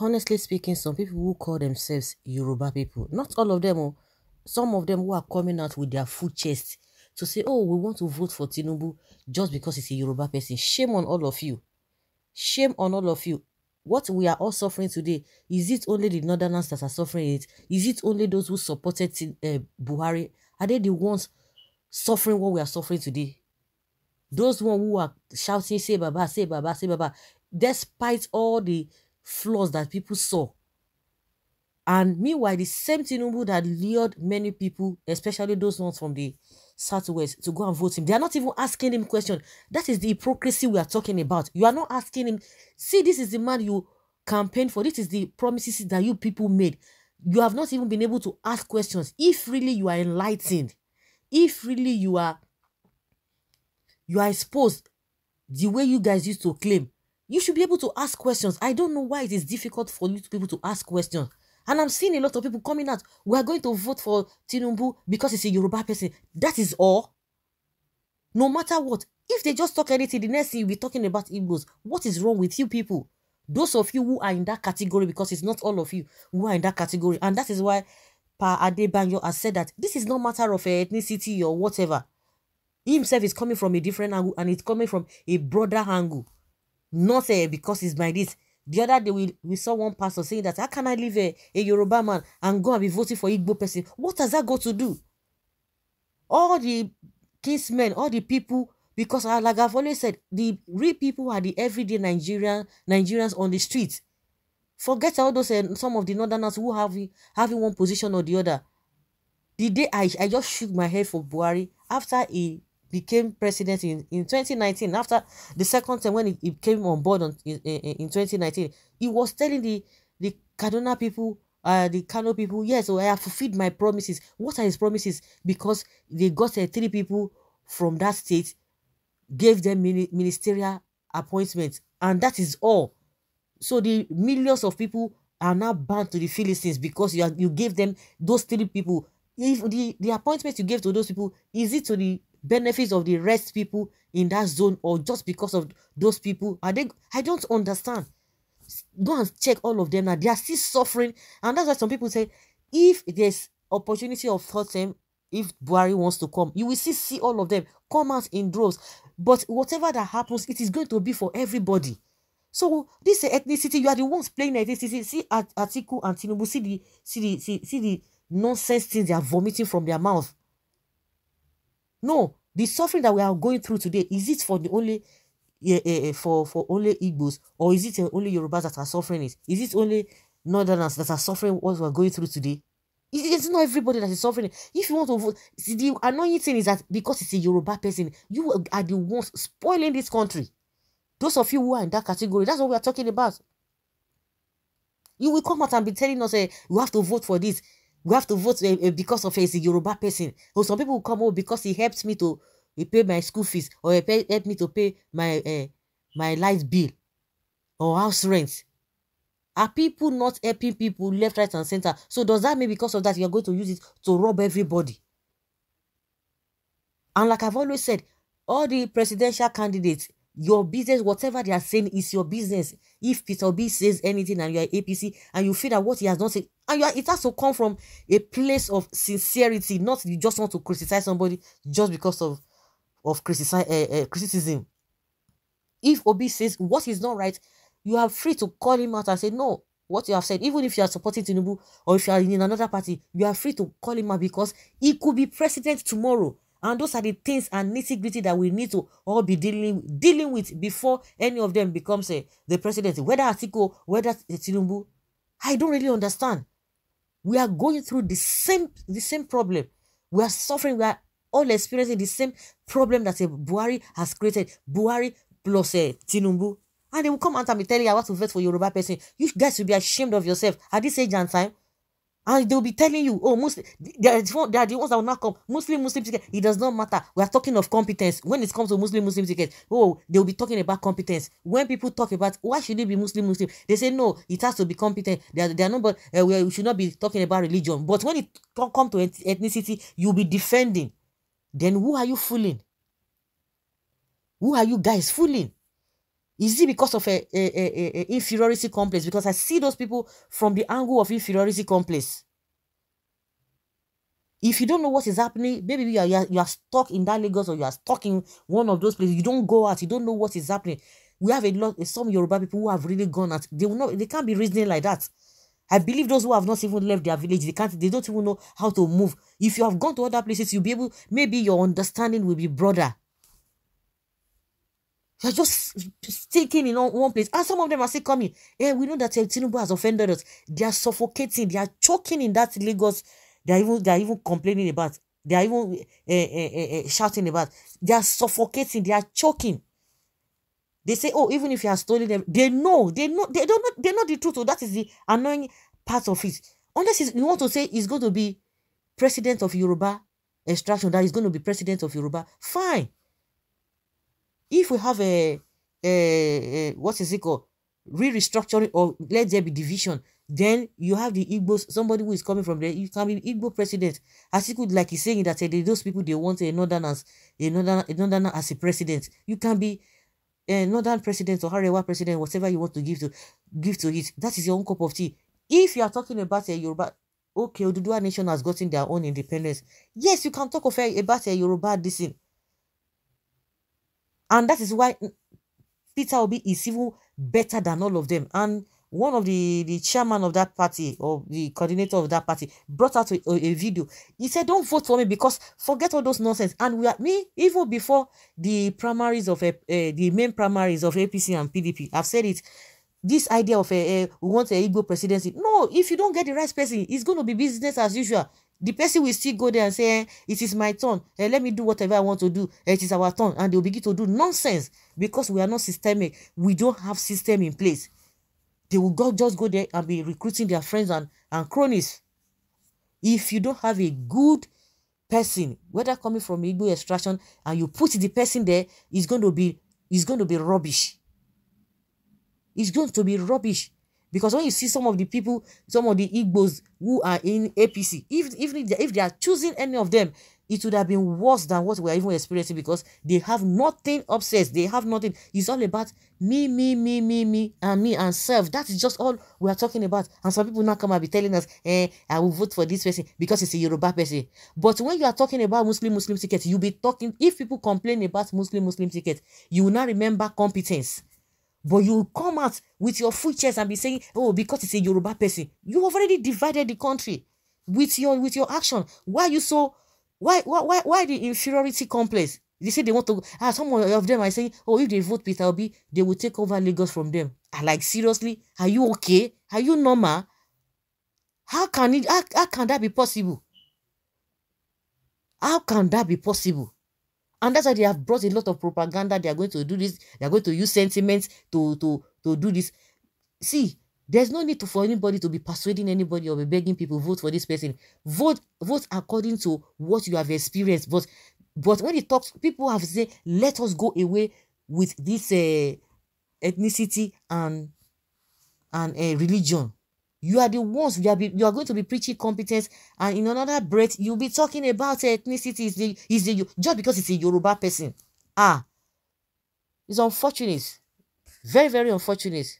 honestly speaking, some people who call themselves Yoruba people, not all of them, oh, some of them who are coming out with their full chest to say, oh, we want to vote for Tinubu just because he's a Yoruba person. Shame on all of you. Shame on all of you. What we are all suffering today, is it only the Northerners that are suffering it? Is it only those who supported uh, Buhari? Are they the ones suffering what we are suffering today? Those one who are shouting, say Baba, say Baba, say Baba, despite all the flaws that people saw. And meanwhile, the same Tinubu that lured many people, especially those ones from the Southwest, to go and vote him, they are not even asking him questions. That is the hypocrisy we are talking about. You are not asking him, see, this is the man you campaigned for. This is the promises that you people made. You have not even been able to ask questions. If really you are enlightened, if really you are you are exposed the way you guys used to claim you should be able to ask questions. I don't know why it is difficult for you to people to ask questions. And I'm seeing a lot of people coming out. We are going to vote for Tinubu because he's a Yoruba person. That is all. No matter what, if they just talk anything, the next thing you'll be talking about Igbos. What is wrong with you people? Those of you who are in that category, because it's not all of you who are in that category. And that is why Pa Adebanyo has said that this is no matter of ethnicity or whatever. He himself is coming from a different angle and it's coming from a broader angle not uh, because it's my this the other day we, we saw one pastor saying that how can i leave a, eh, a yoruba man and go and be voting for igbo person what has that got to do all the kinsmen all the people because ah, like i've always said the real people are the everyday nigerian nigerians on the streets. forget all those uh, some of the northerners who have having one position or the other the day i i just shook my head for buhari after he became president in, in 2019 after the second time when he, he came on board on, in, in 2019 he was telling the the kaduna people uh, the Kano people, yes, so oh, I have fulfilled my promises. What are his promises? Because they got uh, three people from that state, gave them mini ministerial appointments, and that is all. So the millions of people are now bound to the Philistines because you, are, you gave them those three people. If the, the appointments you gave to those people, is it to the benefits of the rest people in that zone or just because of those people are they i don't understand go and check all of them now they are still suffering and that's why some people say if there's opportunity of third term if buhari wants to come you will still see all of them come out in droves but whatever that happens it is going to be for everybody so this ethnicity you are the ones playing ethnicity see At Atiku and Tinubu see the see the see, see the nonsense things they are vomiting from their mouth No, the suffering that we are going through today, is it for the only uh, uh, for, for only Igbos or is it only Yorubas that are suffering it? Is it only Northerners that are suffering what we are going through today? It's not everybody that is suffering. If you want to vote, see, the annoying thing is that because it's a Yoruba person, you are the ones spoiling this country. Those of you who are in that category, that's what we are talking about. You will come out and be telling us, hey, you have to vote for this. we have to vote uh, because of he's a Yoruba person. Or some people will come, oh, because he helped me to pay my school fees or he pay, helped me to pay my uh, my light bill or house rent. Are people not helping people left, right, and center? So does that mean because of that you're going to use it to rob everybody? And like I've always said, all the presidential candidates, your business, whatever they are saying, is your business. If Peter Obi says anything and you are APC and you feel that what he has not said, and are, it has to come from a place of sincerity, not you just want to criticize somebody just because of of criticize, uh, uh, eh, criticism. If Obi says what is not right, you are free to call him out and say, No, what you have said, even if you are supporting Tinubu or if you are in another party, you are free to call him out because he could be president tomorrow. And those are the things and nitty gritty that we need to all be dealing dealing with before any of them becomes uh, the president. Whether Atiko, whether Tinubu, I don't really understand. We are going through the same the same problem. We are suffering. We are all experiencing the same problem that uh, Buhari has created. Buhari plus uh, Tinubu. And they will come out and be telling you, I want to vote for Yoruba person. You guys should be ashamed of yourself at this age and time. And they will be telling you, oh, Muslim, they are, the, they are the ones that will not come. Muslim, Muslim ticket. It does not matter. We are talking of competence. When it comes to Muslim, Muslim ticket, oh, they will be talking about competence. When people talk about why should it be Muslim, Muslim, they say no, it has to be competent. They are, they are not, but uh, we should not be talking about religion. But when it come to ethnicity, you'll be defending. Then who are you fooling? Who are you guys fooling? Is it because of a, a, a, a inferiority complex? Because I see those people from the angle of inferiority complex. If you don't know what is happening, maybe you are, you are, you are stuck in that Lagos or you are stuck in one of those places. You don't go out. You don't know what is happening. We have a lot, some Yoruba people who have really gone out. They will not, they can't be reasoning like that. I believe those who have not even left their village, they can't, they don't even know how to move. If you have gone to other places, you'll be able, maybe your understanding will be broader. You're just sticking in one place. And some of them are still coming. Hey, eh, we know that eh, Tinubu has offended us. They are suffocating. They are choking in that Lagos. They are even, they are even complaining about. They are even uh, uh, uh, shouting about. They are suffocating. They are choking. They say, oh, even if you are stolen them, they know. They know. They don't know. They know the truth. So that is the annoying part of it. Unless you want to say he's going to be president of Yoruba extraction, that he's going to be president of Yoruba, fine. If we have a, a, a what is it called? Re-restructuring or let there be division, then you have the Igbos, somebody who is coming from there, you can be Igbo president. as could like he's saying that uh, those people, they want a northern as a northern, a northern as a president. You can be a northern president or Arewa president, whatever you want to give to give to it. That is your own cup of tea. If you are talking about a eh, Yoruba, okay, Oduduwa nation has gotten their own independence. Yes, you can talk of a, eh, about a Yoruba this thing. And that is why Peter Obi is even better than all of them. And one of the, the chairman of that party or the coordinator of that party brought out a, a, video. He said, don't vote for me because forget all those nonsense. And we are, me, even before the primaries of, uh, the main primaries of APC and PDP, I've said it, this idea of a, eh, a, eh, we want a Igbo presidency. No, if you don't get the right person, it's going to be business as usual. The person will still go there and say, eh, it is my turn. Eh, let me do whatever I want to do. Eh, it is our turn. And they'll begin to do nonsense because we are not systemic. We don't have system in place. They will go, just go there and be recruiting their friends and, and cronies. If you don't have a good person, whether coming from Igbo extraction, and you put the person there, it's going to be, it's going to be rubbish It's going to be rubbish. Because when you see some of the people, some of the Igbos who are in APC, if, even if, if they are choosing any of them, it would have been worse than what we are even experiencing because they have nothing obsessed. They have nothing. It's all about me, me, me, me, me, and me, and self. That is just all we are talking about. And some people now come and be telling us, eh, I will vote for this person because it's a Yoruba person. But when you are talking about Muslim, Muslim ticket, you'll be talking, if people complain about Muslim, Muslim ticket, you will not remember competence. but you come out with your full chest and be saying oh because it's a Yoruba person you have already divided the country with your with your action why you so why why why, why the inferiority complex they say they want to ah some of them are saying oh if they vote Peter Obi they will take over Lagos from them I like seriously are you okay are you normal how can it how, how can that be possible how can that be possible And that's why they have brought a lot of propaganda. They are going to do this. They are going to use sentiments to, to, to do this. See, there's no need to, for anybody to be persuading anybody or be begging people vote for this person. Vote, vote according to what you have experienced. But, but when it talks, people have said, let us go away with this uh, ethnicity and and uh, religion you are the ones you are, be, you are going to be preaching competence and in another breath you'll be talking about ethnicity is the is the just because it's a yoruba person ah it's unfortunate very very unfortunate